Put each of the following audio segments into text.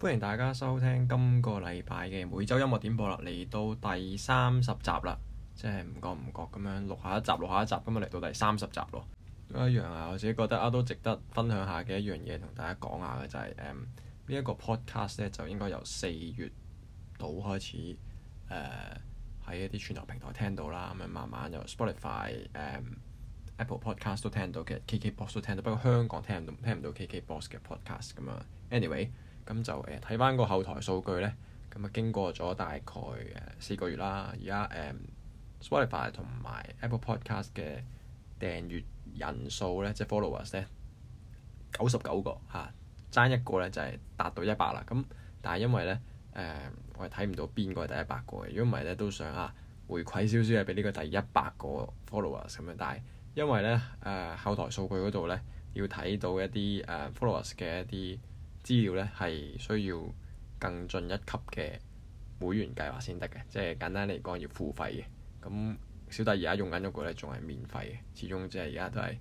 歡迎大家收聽今個禮拜嘅每周音樂點播啦，嚟到第三十集啦，即係唔覺唔覺咁樣錄下一集，錄下一集咁樣嚟到第三十集咯。咁一樣啊，我自己覺得啊，都值得分享下嘅一樣嘢，同大家講下嘅就係、是、誒、嗯這個、呢一個 podcast 咧，就應該由四月度開始誒喺、呃、一啲串流平台聽到啦，咁樣慢慢就 Spotify 誒、嗯、Apple Podcast 都聽到嘅，KKBox 都聽到，不過香港聽唔到，聽唔到 KKBox 嘅 podcast 咁啊。Anyway。咁就誒睇翻個後台數據咧，咁、嗯、啊經過咗大概呃、四個月啦，而家誒 Spotify 同埋 Apple Podcast 嘅訂閱人數咧，即係 followers 咧，九十九個嚇，啊、爭一個咧就係、是、達到一百啦。咁但係因為咧誒、呃，我係睇唔到邊個係第一百個嘅，如果唔係咧都想啊回饋少少係俾呢個第一百個 followers 咁樣。但係因為咧誒、呃、後台數據嗰度咧要睇到一啲誒、呃、followers 嘅一啲。資料咧係需要更進一級嘅會員計劃先得嘅，即係簡單嚟講要付費嘅。咁小弟而家用緊嗰個咧仲係免費嘅，始終即係而家都係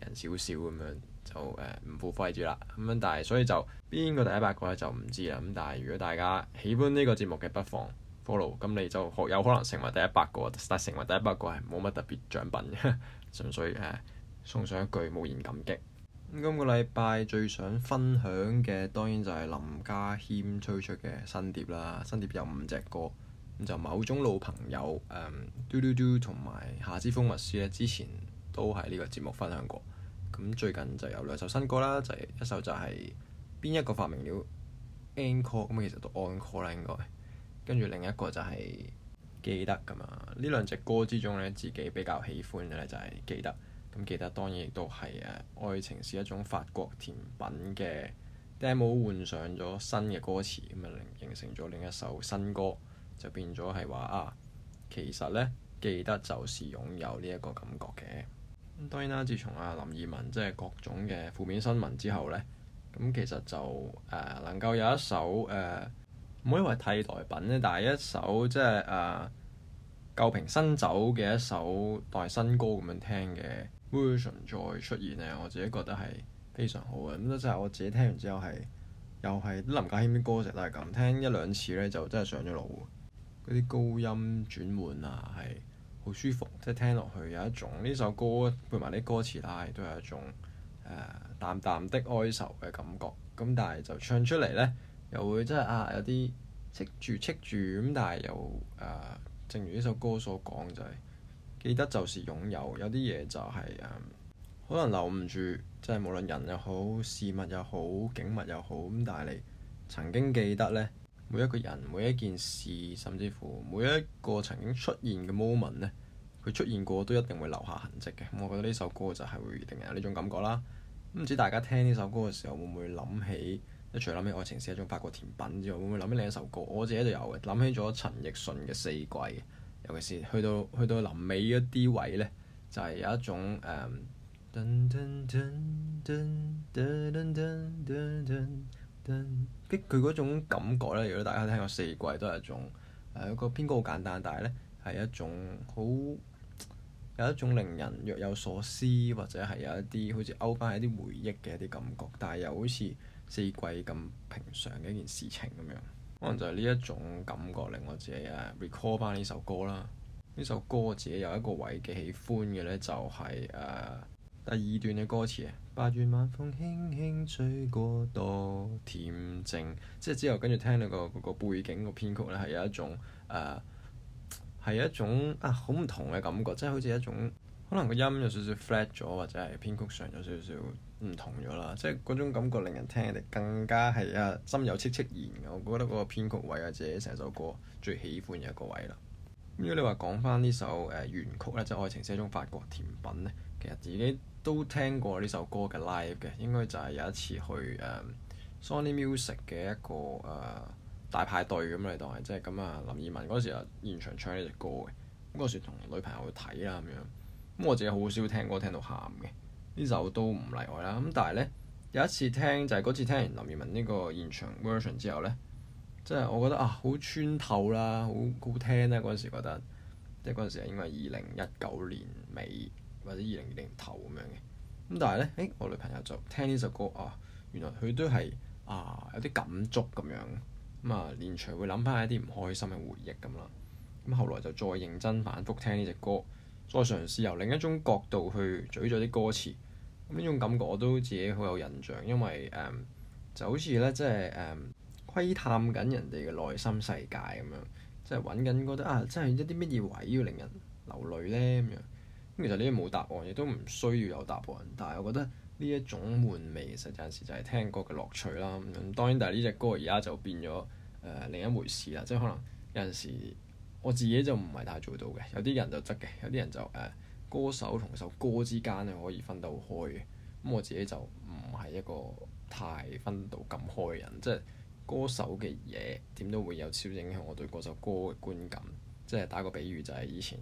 人少少咁樣，就誒唔、呃、付費住啦。咁樣但係所以就邊個第一百個咧就唔知啦。咁但係如果大家喜歡呢個節目嘅不妨 follow，咁你就有可能成為第一百個，但成為第一百個係冇乜特別獎品嘅，純粹誒送上一句無言感激。今個禮拜最想分享嘅當然就係林家謙推出嘅新碟啦，新碟有五隻歌，咁就某種老朋友、誒嘟嘟嘟同埋夏之風物詩咧，之前都喺呢個節目分享過。咁最近就有兩首新歌啦，就是、一首就係、是、邊一個發明了 Encore，咁其實都 Encore 啦應該，啦應該，跟住另一個就係、是、記得㗎嘛。呢兩隻歌之中咧，自己比較喜歡嘅咧就係記得。咁記得當然亦都係誒，愛情是一種法國甜品嘅 demo 換上咗新嘅歌詞，咁啊，形成咗另一首新歌，就變咗係話啊，其實呢，記得就是擁有呢一個感覺嘅。咁當然啦、啊，自從阿林二汶即係各種嘅負面新聞之後呢，咁其實就誒、呃、能夠有一首誒唔、呃、可以話係替代品咧，但係一首即係誒舊瓶新酒嘅一首代新歌咁樣聽嘅 v e s i o n 再出現呢，我自己覺得係非常好嘅。咁就係我自己聽完之後係，又係林家謙啲歌成都係咁，聽一兩次呢，就真係上咗腦。嗰啲高音轉換啊，係好舒服，即、就、係、是、聽落去有一種呢首歌配埋啲歌詞啦，都係一種、呃、淡淡的哀愁嘅感覺。咁但係就唱出嚟呢，又會即、就、係、是、啊有啲戚住戚住咁，但係又誒、呃，正如呢首歌所講就係、是。記得就是擁有，有啲嘢就係，嗯，可能留唔住，即係無論人又好，事物又好，景物又好，咁但係你曾經記得呢，每一個人，每一件事，甚至乎每一個曾經出現嘅 moment 咧，佢出現過都一定會留下痕跡嘅。我覺得呢首歌就係會一定有呢種感覺啦。唔知大家聽呢首歌嘅時候會唔會諗起，一除咗諗起愛情是一種法國甜品之外，會唔會諗起另一首歌？我自己都有嘅，諗起咗陳奕迅嘅《四季》。尤其是去到去到臨尾一啲位咧，就係有一種誒，跟佢嗰種感覺咧。如果大家聽過《四季》，都係一種誒個編歌好簡單，但係咧係一種好 有一種令人若有所思，或者係有一啲好似勾返一啲回憶嘅一啲感覺，但係又好似四季咁平常嘅一件事情咁樣。可能就係呢一種感覺令我自己誒 recall 翻呢首歌啦，呢首歌我自己有一個位幾喜歡嘅呢，就係、是、誒、uh, 第二段嘅歌詞啊，八月晚風輕輕吹過多，多恬靜，即係之後跟住聽佢、個、個背景個編曲呢，係有一種誒係、uh, 一種啊好唔同嘅感覺，即係好似一種。可能個音有少少 flat 咗，或者係編曲上有少少唔同咗啦。即係嗰種感覺，令人聽起嚟更加係啊心有戚戚然嘅。我覺得嗰個編曲位啊，自己成首歌最喜歡嘅一個位啦。如果你話講翻呢首誒原曲咧，即係《愛情係一種法國甜品》咧，其實自己都聽過呢首歌嘅 live 嘅，應該就係有一次去誒、uh, Sony Music 嘅一個誒、uh, 大派對咁嚟，你當係即係咁啊林二汶嗰時啊現場唱呢隻歌嘅。咁嗰時同女朋友去睇啦，咁樣。咁我自己好少聽歌聽到喊嘅，呢首都唔例外啦。咁但係呢，有一次聽就係、是、嗰次聽完林二汶呢個現場 version 之後呢，即、就、係、是、我覺得啊好穿透啦，好好聽啦，嗰陣時覺得，即係嗰陣時係應該係二零一九年尾或者二零二零頭咁樣嘅。咁但係呢，誒、欸、我女朋友就聽呢首歌啊，原來佢都係啊有啲感觸咁樣，咁、嗯、啊連場會諗翻一啲唔開心嘅回憶咁啦。咁、嗯、後來就再認真反覆聽呢隻歌。再嘗試由另一種角度去咀嚼啲歌詞，咁呢種感覺我都自己好有印象，因為誒、嗯、就好似咧，即係誒窺探緊人哋嘅內心世界咁樣，即係揾緊覺得啊，即係一啲乜嘢位要令人流淚咧咁樣。咁其實呢啲冇答案，亦都唔需要有答案。但係我覺得呢一種悶味，其實有陣時就係聽歌嘅樂趣啦。咁當然，但係呢隻歌而家就變咗誒、呃、另一回事啦，即係可能有陣時。我自己就唔係太做到嘅，有啲人就得嘅，有啲人就誒、呃、歌手同首歌之間咧可以分到開嘅。咁我自己就唔係一個太分到咁開嘅人，即係歌手嘅嘢點都會有少影響我對嗰首歌嘅觀感。即係打個比喻就係以前，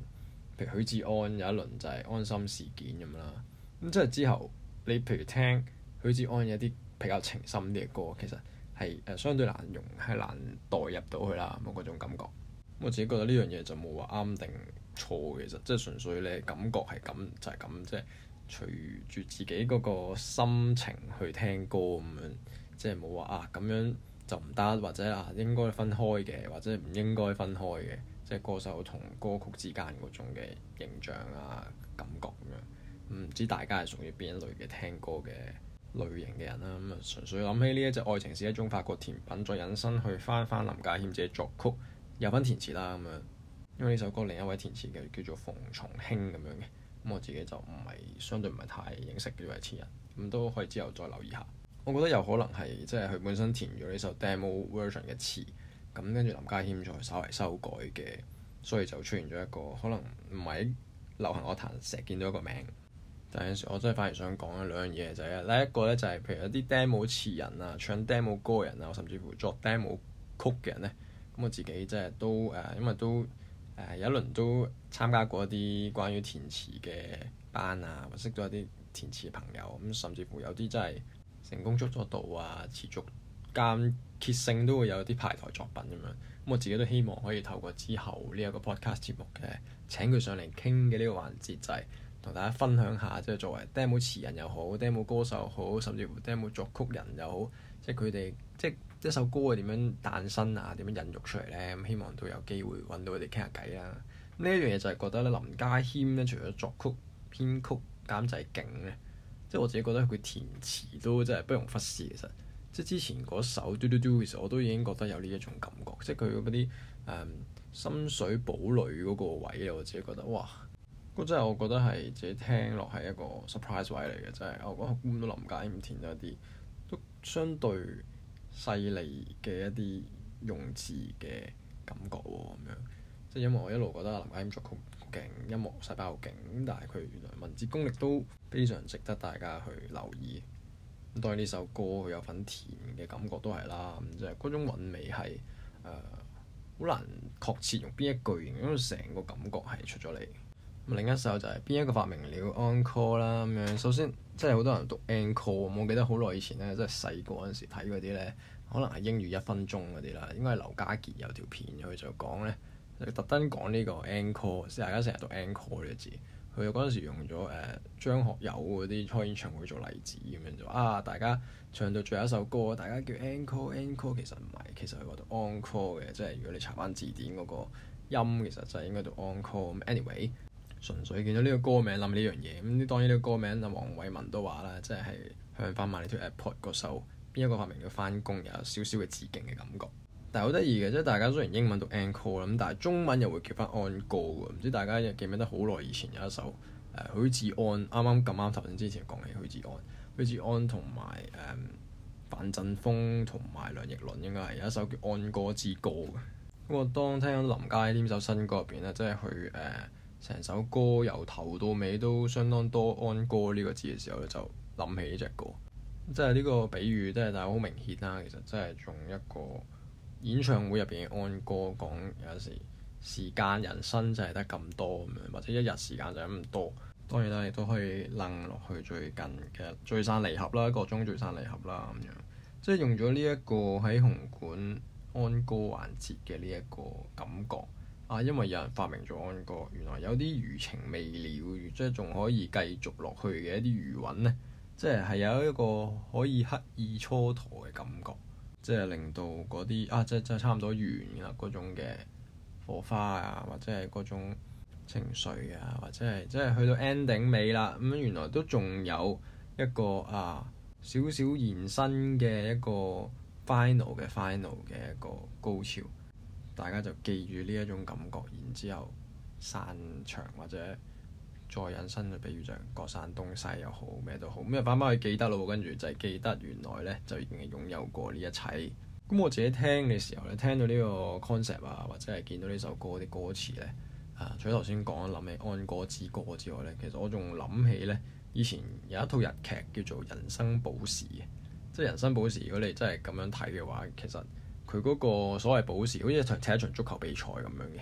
譬如許志安有一輪就係安心事件咁啦。咁即係之後你譬如聽許志安有一啲比較情深啲嘅歌，其實係誒相對難容，係難代入到去啦，冇嗰種感覺。我自己覺得呢樣嘢就冇話啱定錯，其實即係純粹你感覺係咁就係咁，即係隨住自己嗰個心情去聽歌咁樣，即係冇話啊咁樣就唔得，或者啊應該分開嘅，或者唔應該分開嘅，即係歌手同歌曲之間嗰種嘅形象啊感覺咁樣。唔知大家係屬於邊一類嘅聽歌嘅類型嘅人啦。咁啊，純粹諗起呢一隻愛情是一種法國甜品，再引申去翻翻林家謙自己作曲。有份填詞啦咁樣，因為呢首歌另一位填詞嘅叫做馮松興咁樣嘅，咁我自己就唔係相對唔係太認識嘅一位詞人，咁都可以之後再留意下。我覺得有可能係即係佢本身填咗呢首 demo version 嘅詞，咁跟住林家謙再稍為修改嘅，所以就出現咗一個可能唔係流行樂壇成日見到一個名，但有時我真係反而想講一兩樣嘢就係、係、呢一個呢、就係，就係譬如一啲 demo 詞人啊、唱 demo 歌人啊，甚至乎作 demo 曲嘅人呢。咁我自己即係都誒、呃，因為都誒、呃、有一輪都參加過一啲關於填詞嘅班啊，或識咗一啲填詞嘅朋友，咁、嗯、甚至乎有啲真係成功出咗道啊，持續間歇性都會有啲派台作品咁、啊、樣。咁我自己都希望可以透過之後呢一個 podcast 節目嘅請佢上嚟傾嘅呢個環節，就係同大家分享下，即、就、係、是、作為 demo 詞人又好，demo 歌手又好，甚至乎 demo 作曲人又好，即係佢哋即係。就是一首歌係，點樣誕生啊？點樣孕育出嚟呢？咁希望都有機會揾到佢哋傾下偈啦。呢一樣嘢就係覺得林家謙呢，除咗作曲編曲監製勁呢，即係我自己覺得佢填詞都真係不容忽視。其實即係之前嗰首嘟嘟嘟，其實我都已經覺得有呢一種感覺，即係佢嗰啲誒深水寶女嗰個位啊，我自己覺得哇，嗰真係我覺得係自己聽落係一個 surprise 位嚟嘅，真係我覺得咁多林家謙填咗啲都相對。犀利嘅一啲用字嘅感覺喎、哦，咁樣即係因為我一路覺得林家謙作曲好勁，音樂細胞好勁，咁但係佢原來文字功力都非常值得大家去留意。咁當然呢首歌佢有份甜嘅感覺都係啦，咁即係嗰種韻味係誒好難確切用邊一句，因為成個感覺係出咗嚟。另一首就係邊一個發明了 Encore 啦咁樣。首先，即係好多人讀 Encore，我記得好耐以前咧，即係細個嗰陣時睇嗰啲咧，可能係英語一分鐘嗰啲啦。應該係劉家傑有條片佢就講咧，就特登講呢個 Encore，即係大家成日讀 Encore 呢個字。佢嗰陣時用咗誒、呃、張學友嗰啲開演唱會做例子咁樣就啊！大家唱到最後一首歌，大家叫 Encore Encore，其實唔係，其實佢話讀 Encore 嘅，即係如果你查翻字典嗰個音，其實就應該讀 Encore。anyway。純粹見到呢個歌名諗呢樣嘢咁，當然呢個歌名阿黃偉文都話啦，即係向翻 My Little Airport 嗰首邊一個發明叫返工有少少嘅致敬嘅感覺。但係好得意嘅，即係大家雖然英文讀 Encore 咁，但係中文又會叫翻安歌㗎。唔知大家記唔記得好耐以前有一首誒、呃、許志安啱啱咁啱頭先之前講起許志安、許志安同埋誒范振鋒同埋梁奕倫，應該係有一首叫 Go Go《安歌之歌》嘅。咁我當聽緊林家謙呢首新歌入邊咧，即係佢誒。呃成首歌由頭到尾都相當多安歌呢個字嘅時候就諗起呢隻歌，即係呢個比喻，即係大家好明顯啦。其實真係用一個演唱會入邊嘅安歌講，有時時間人生就係得咁多咁樣，或者一日時間就咁多。當然啦，亦都可以楞落去最近嘅聚散離合啦，個中聚散離合啦咁樣。即係用咗呢一個喺紅館安歌環節嘅呢一個感覺。啊，因為有人發明咗安哥，原來有啲餘情未了，即係仲可以繼續落去嘅一啲餘韻呢，即係係有一個可以刻意蹉跎嘅感覺，即係令到嗰啲啊，即係差唔多完啦嗰種嘅火花啊，或者係嗰種情緒啊，或者係即係去到 ending 尾啦，咁、嗯、原來都仲有一個啊少少延伸嘅一個 final 嘅 final 嘅一個高潮。大家就記住呢一種感覺，然之後散場或者再引申，就比如就各散東西又好，咩都好。咁樣慢慢去記得咯，跟住就係記得原來呢，就已經係擁有過呢一切。咁我自己聽嘅時候呢，聽到呢個 concept 啊，或者係見到呢首歌啲歌詞呢，啊，除咗頭先講諗起安哥之歌之外呢，其實我仲諗起呢，以前有一套日劇叫做《人生補時》，即係人生補時。如果你真係咁樣睇嘅話，其實佢嗰個所謂補時，好似一場踢一場足球比賽咁樣嘅。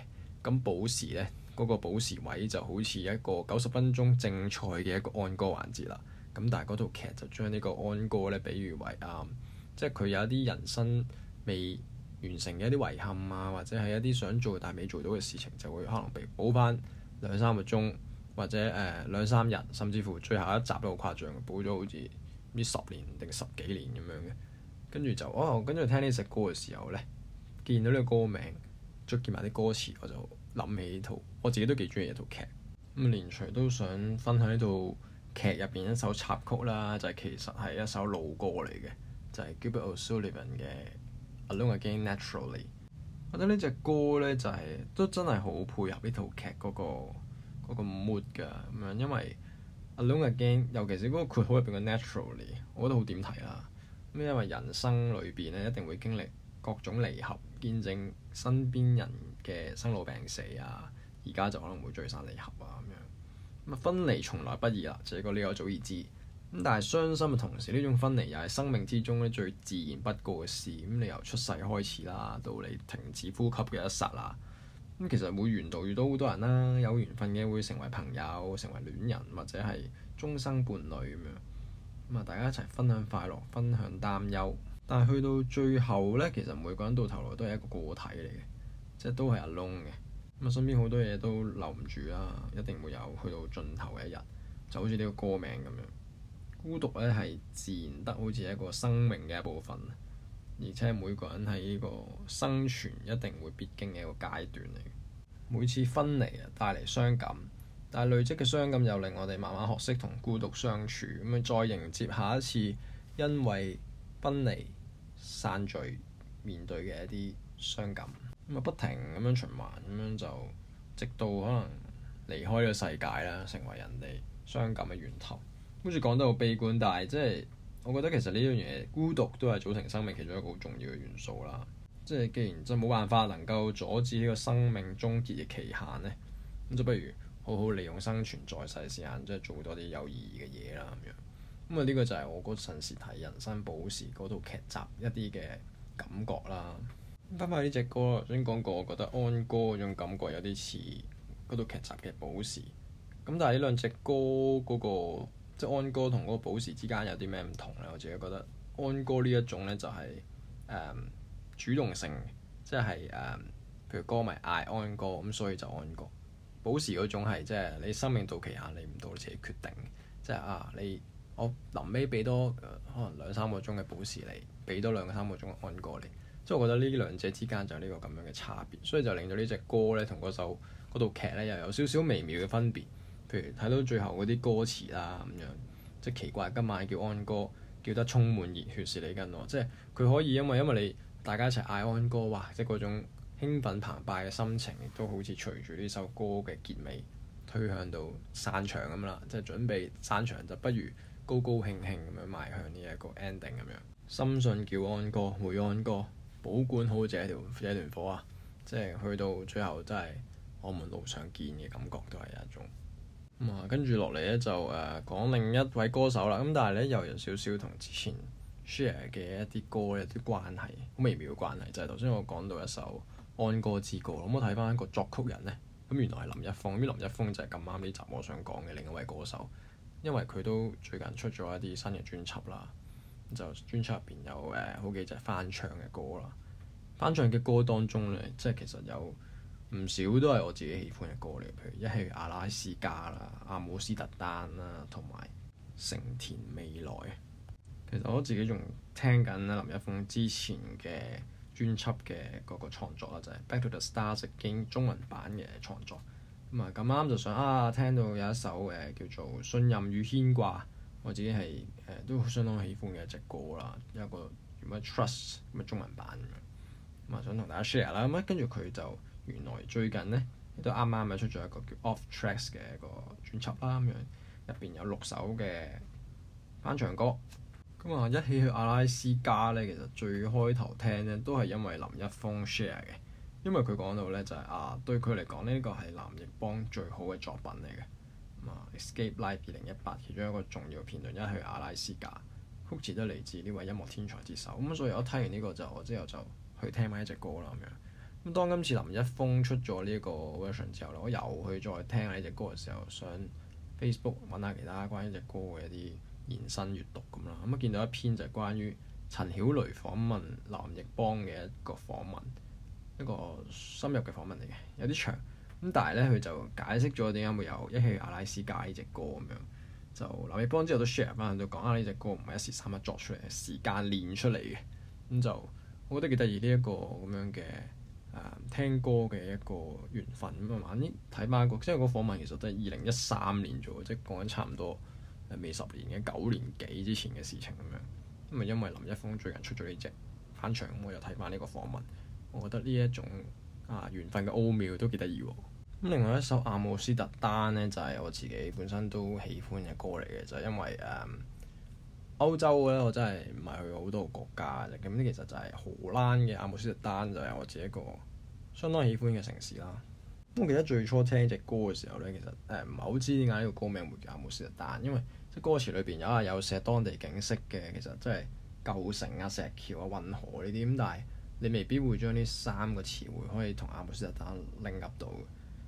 咁補時咧，嗰、那個補時位就好似一個九十分鐘正賽嘅一個安歌環節啦。咁但係嗰套劇就將呢個安歌咧，比喻為啊、嗯，即係佢有一啲人生未完成嘅一啲遺憾啊，或者係一啲想做但係未做到嘅事情，就會可能被補翻兩三個鐘，或者誒、呃、兩三日，甚至乎最後一集都好誇張，補咗好似呢十年定十幾年咁樣嘅。跟住就哦，跟住聽呢隻歌嘅時候呢，見到呢個歌名，再見埋啲歌詞，我就諗起呢套我自己都幾中意呢套劇。咁、嗯、連隨都想分享呢套劇入邊一首插曲啦，就係、是、其實係一首老歌嚟嘅，就係、是、Gilbert O'Sullivan 嘅《Alone Again Naturally、就是那個那個 Al Again Nat》。我覺得呢隻歌呢，就係都真係好配合呢套劇嗰個 mood 㗎咁樣，因為《Alone Again》尤其是嗰個括號入邊嘅《Naturally》，我覺得好點睇啦。因為人生裏邊咧，一定會經歷各種離合，見證身邊人嘅生老病死啊。而家就可能會聚散離合啊，咁樣。咁啊，分離從來不易啦，這個你又早已知。咁但係傷心嘅同時，呢種分離又係生命之中咧最自然不過嘅事。咁你由出世開始啦，到你停止呼吸嘅一剎啦，咁其實會沿途遇到好多人啦，有緣分嘅會成為朋友，成為戀人，或者係終生伴侶咁樣。咁啊，大家一齊分享快樂，分享擔憂。但係去到最後呢，其實每個人到頭來都係一個個體嚟嘅，即係都係 alone 嘅。咁啊，身邊好多嘢都留唔住啦，一定會有去到盡頭嘅一日。就好似呢個歌名咁樣，孤獨呢係自然得好似一個生命嘅一部分，而且每個人喺呢個生存一定會必經嘅一個階段嚟。每次分離啊，帶嚟傷感。但係累積嘅傷感又令我哋慢慢學識同孤獨相處，咁啊再迎接下一次因為分離散聚面對嘅一啲傷感，咁啊不停咁樣循環，咁樣就直到可能離開呢個世界啦，成為人哋傷感嘅源頭。好似講到好悲觀，但係即係我覺得其實呢樣嘢孤獨都係組成生命其中一個好重要嘅元素啦。即係既然就冇辦法能夠阻止呢個生命終結嘅期限咧，咁就不如～好好利用生存在世時間，即係做多啲有意義嘅嘢啦咁樣。咁、嗯、啊，呢、這個就係我嗰陣時睇《人生寶石補時》嗰套劇集一啲嘅感覺啦。翻返呢隻歌咯，頭先講過，我覺得安哥嗰種感覺有啲似嗰套劇集嘅補時。咁但係呢兩隻歌嗰、那個，即係安哥同嗰個補時之間有啲咩唔同咧？我自己覺得安哥呢一種咧就係、是、誒、嗯、主動性，即係誒譬如歌迷嗌安哥，咁所以就安哥。補時嗰種係即係你生命到期限，你唔到自己決定，即係啊你我臨尾俾多可能兩三個鐘嘅補時你，畀多兩三個鐘嘅安歌你，即係我覺得呢兩者之間就呢個咁樣嘅差別，所以就令到呢隻歌咧同嗰首嗰套劇咧又有少少微妙嘅分別，譬如睇到最後嗰啲歌詞啦咁樣，即係奇怪今晚叫安歌叫得充滿熱血是你跟我，即係佢可以因為因為你大家一齊嗌安歌哇，即係嗰種。興奮澎湃嘅心情，亦都好似隨住呢首歌嘅結尾推向到散場咁啦，即係準備散場就不如高高興興咁樣邁向呢一個 ending 咁樣。深信叫安哥，回安哥，保管好這條這段火啊！即係去到最後，真係我們路上見嘅感覺都係一種咁啊。跟住落嚟咧就誒、呃、講另一位歌手啦。咁但係咧又有少少同之前 share 嘅一啲歌一啲關係，好微妙嘅關係就係頭先我講到一首。按歌之歌，咁我睇翻個作曲人呢。咁原來係林一峰。咁林一峰就係咁啱呢集我想講嘅另一位歌手，因為佢都最近出咗一啲新嘅專輯啦，就專輯入邊有誒、呃、好幾隻翻唱嘅歌啦。翻唱嘅歌當中呢，即係其實有唔少都係我自己喜歡嘅歌嚟，譬如一係阿拉斯加啦、阿姆斯特丹啦，同埋成田未來。其實我自己仲聽緊林一峰之前嘅專輯嘅嗰個創作啦，就係、是《Back to the Stars》經中文版嘅創作。咁啊咁啱就想啊，聽到有一首誒叫做《信任與牽掛》，我自己係誒、呃、都相當喜歡嘅一隻歌啦。有一個咩《Trust》咁嘅中文版咁啊，想同大家 share 啦。咁啊跟住佢就原來最近咧亦都啱啱咪出咗一個叫《Off Tracks》嘅一個專輯啦。咁樣入邊有六首嘅翻唱歌。咁啊！一起去阿拉斯加咧，其實最開頭聽咧都係因為林一峰 share 嘅，因為佢講到咧就係、是、啊，對佢嚟講呢個係藍奕邦最好嘅作品嚟嘅、嗯。《Escape Life》二零一八其中一個重要片段，一去阿拉斯加，曲詞都嚟自呢位音樂天才之手。咁、嗯、所以我聽完呢、這個就之後就去聽埋一隻歌啦咁樣。咁當今次林一峰出咗呢個 version 之後咧，我又去再聽下呢隻歌嘅時候，想 Facebook 揾下其他關於呢隻歌嘅一啲。延伸閱讀咁啦，咁啊見到一篇就係關於陳曉蕾訪問藍奕邦嘅一個訪問，一個深入嘅訪問嚟嘅，有啲長咁，但係咧佢就解釋咗點解會有《一起阿拉斯加》呢隻歌咁樣，就藍奕邦之後都 share 翻，就講下呢隻歌唔係一時三刻作出嚟嘅，時間練出嚟嘅，咁就我覺得幾得意呢一個咁樣嘅誒聽歌嘅一個緣分咁啊，反正睇翻個即係個訪問其實都係二零一三年咗，即係講緊差唔多。未十年嘅九年幾之前嘅事情咁樣，咁啊因為林一峰最近出咗呢隻翻唱，我又睇翻呢個訪問，我覺得呢一種啊緣分嘅奧妙都幾得意喎。咁、嗯、另外一首阿姆斯特丹呢，就係、是、我自己本身都喜歡嘅歌嚟嘅，就係、是、因為誒、嗯、歐洲咧，我真係唔係去過好多國家嘅，咁呢其實就係荷蘭嘅阿姆斯特丹，就係、是、我自己一個相當喜歡嘅城市啦。我記得最初聽隻歌嘅時候咧，其實誒唔係好知點解呢個歌名會叫阿姆斯特丹，因為即係歌詞裏邊有啊，有寫當地景色嘅，其實即係舊城啊、石橋啊、運河呢啲，咁但係你未必會將呢三個詞彙可以同阿姆斯特丹拎入到。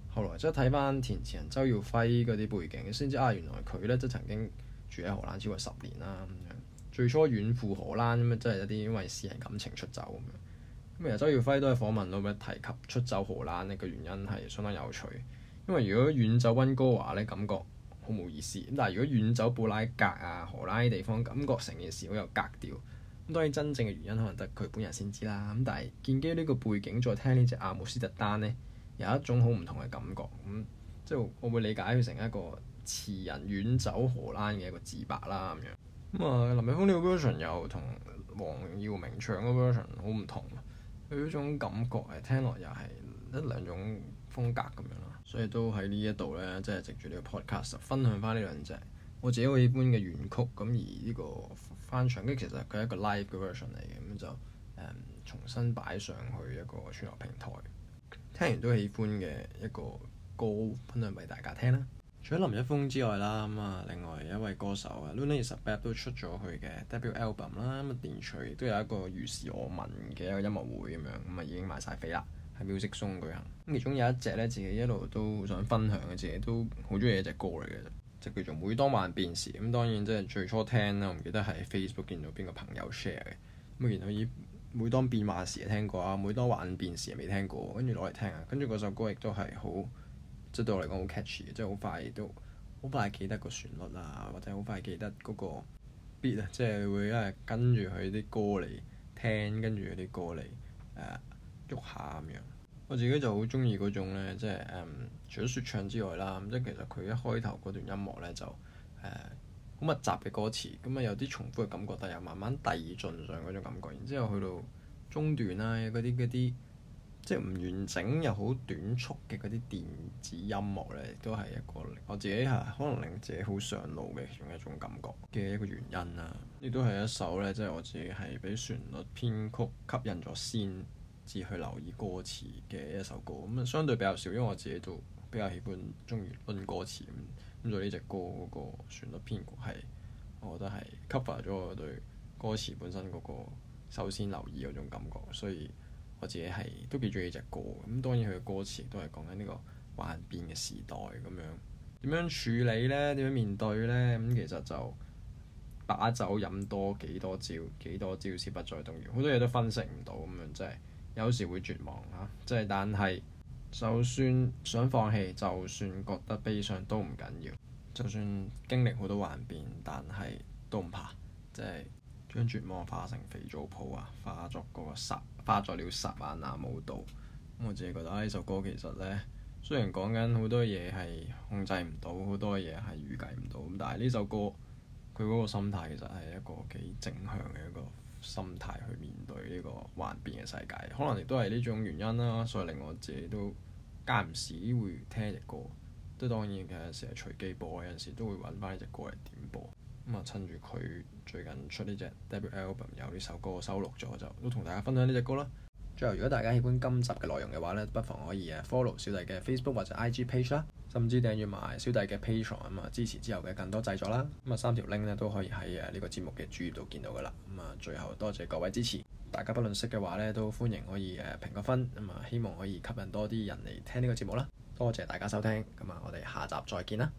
後來即係睇返填詞人周耀輝嗰啲背景，先知啊原來佢咧即曾經住喺荷蘭超過十年啦、啊、咁樣。最初遠赴荷蘭咁啊，即係一啲因為私人感情出走咁樣。周耀輝都喺訪問到，咩提及出走荷蘭呢個原因係相當有趣。因為如果遠走溫哥華呢感覺好冇意思。咁但係如果遠走布拉格啊、荷蘭啲地方，感覺成件事好有格調。咁當然真正嘅原因可能得佢本人先知啦。咁但係建基於呢個背景，再聽呢隻《阿姆斯特丹》呢，有一種好唔同嘅感覺。咁即係我會理解佢成一個詞人遠走荷蘭嘅一個自白啦。咁樣咁啊，林一峰呢個 version 又同黃耀明唱嘅 version 好唔同。佢嗰種感覺係聽落又係一兩種風格咁樣咯，所以都喺呢一度咧，即係藉住呢個 podcast 分享翻呢兩隻我自己好喜歡嘅原曲，咁而呢個翻唱，即係其實佢係一個 live 嘅 version 嚟嘅，咁就誒重新擺上去一個串流平台，聽完都喜歡嘅一個歌，分享俾大家聽啦。除咗林一峰之外啦，咁啊，另外一位歌手啊，Luna Is A Bep 都出咗佢嘅 debut album 啦，咁啊，連隨都有一個如是我聞嘅一個音樂會咁樣，咁啊，已經賣晒飛啦，喺紐西松舉行。咁其中有一隻咧，自己一路都好想分享嘅，自己都好中意一隻歌嚟嘅，即、係、叫做每當幻變時。咁當然即係、係、最初聽啦，我唔記得係 Facebook 見到邊個朋友 share 嘅。咁啊，然後以每當變幻時聽過啊，每當幻變時未聽過，跟住攞嚟聽啊，跟住嗰首歌亦都係好。即對我嚟講好 catchy 即係好快都好快記得個旋律啊，或者好快記得嗰個 beat 啊，即係會一係跟住佢啲歌嚟聽，跟住佢啲歌嚟誒喐下咁樣。我自己就好中意嗰種咧，即係誒、嗯、除咗說唱之外啦，咁即係其實佢一開頭嗰段音樂咧就誒好、呃、密集嘅歌詞，咁啊有啲重複嘅感覺，但又慢慢遞進上嗰種感覺，然之後去到中段啊嗰啲嗰啲。即係唔完整又好短促嘅嗰啲電子音樂呢，都係一個我自己係可能令自己好上腦嘅一種感覺嘅一個原因啦。亦都係一首呢，即係我自己係俾旋律編曲吸引咗先，至去留意歌詞嘅一首歌。咁啊，相對比較少，因為我自己都比較喜歡中意分歌詞咁。咁就呢隻歌嗰個旋律編曲係，我覺得係 cover 咗我對歌詞本身嗰個首先留意嗰種感覺，所以。我自己係都幾中意隻歌。咁當然，佢嘅歌詞都係講緊呢個幻變嘅時代。咁樣點樣處理呢？點樣面對呢？咁、嗯、其實就把酒飲多幾多招，幾多招先不再動搖。好多嘢都分析唔到咁樣，真係有時會絕望嚇、啊。即係但係就算想放棄，就算覺得悲傷都唔緊要。就算經歷好多幻變，但係都唔怕。即係將絕望化成肥皂泡啊，化作嗰個花咗了沙，難無道。咁我自己覺得，呢首歌其實呢，雖然講緊好多嘢係控制唔到，好多嘢係預計唔到，咁但係呢首歌佢嗰個心態其實係一個幾正向嘅一個心態去面對呢個幻變嘅世界。可能亦都係呢種原因啦，所以令我自己都間唔時會聽隻歌。都當然其實成日隨機播，有陣時都會揾翻呢隻歌嚟點播。咁啊、嗯，趁住佢最近出呢隻《W.L. 朋友》有呢首歌我收錄咗，就都同大家分享呢隻歌啦。最後，如果大家喜歡今集嘅內容嘅話咧，不妨可以 follow 小弟嘅 Facebook 或者 IG page 啦，甚至訂閱埋小弟嘅 Patreon 啊，支持之後嘅更多製作啦。咁啊，三條 link 咧都可以喺誒呢個節目嘅主頁度見到噶啦。咁啊，最後多謝各位支持，大家不論識嘅話咧，都歡迎可以誒評個分。咁啊，希望可以吸引多啲人嚟聽呢個節目啦。多謝大家收聽，咁啊，我哋下集再見啦。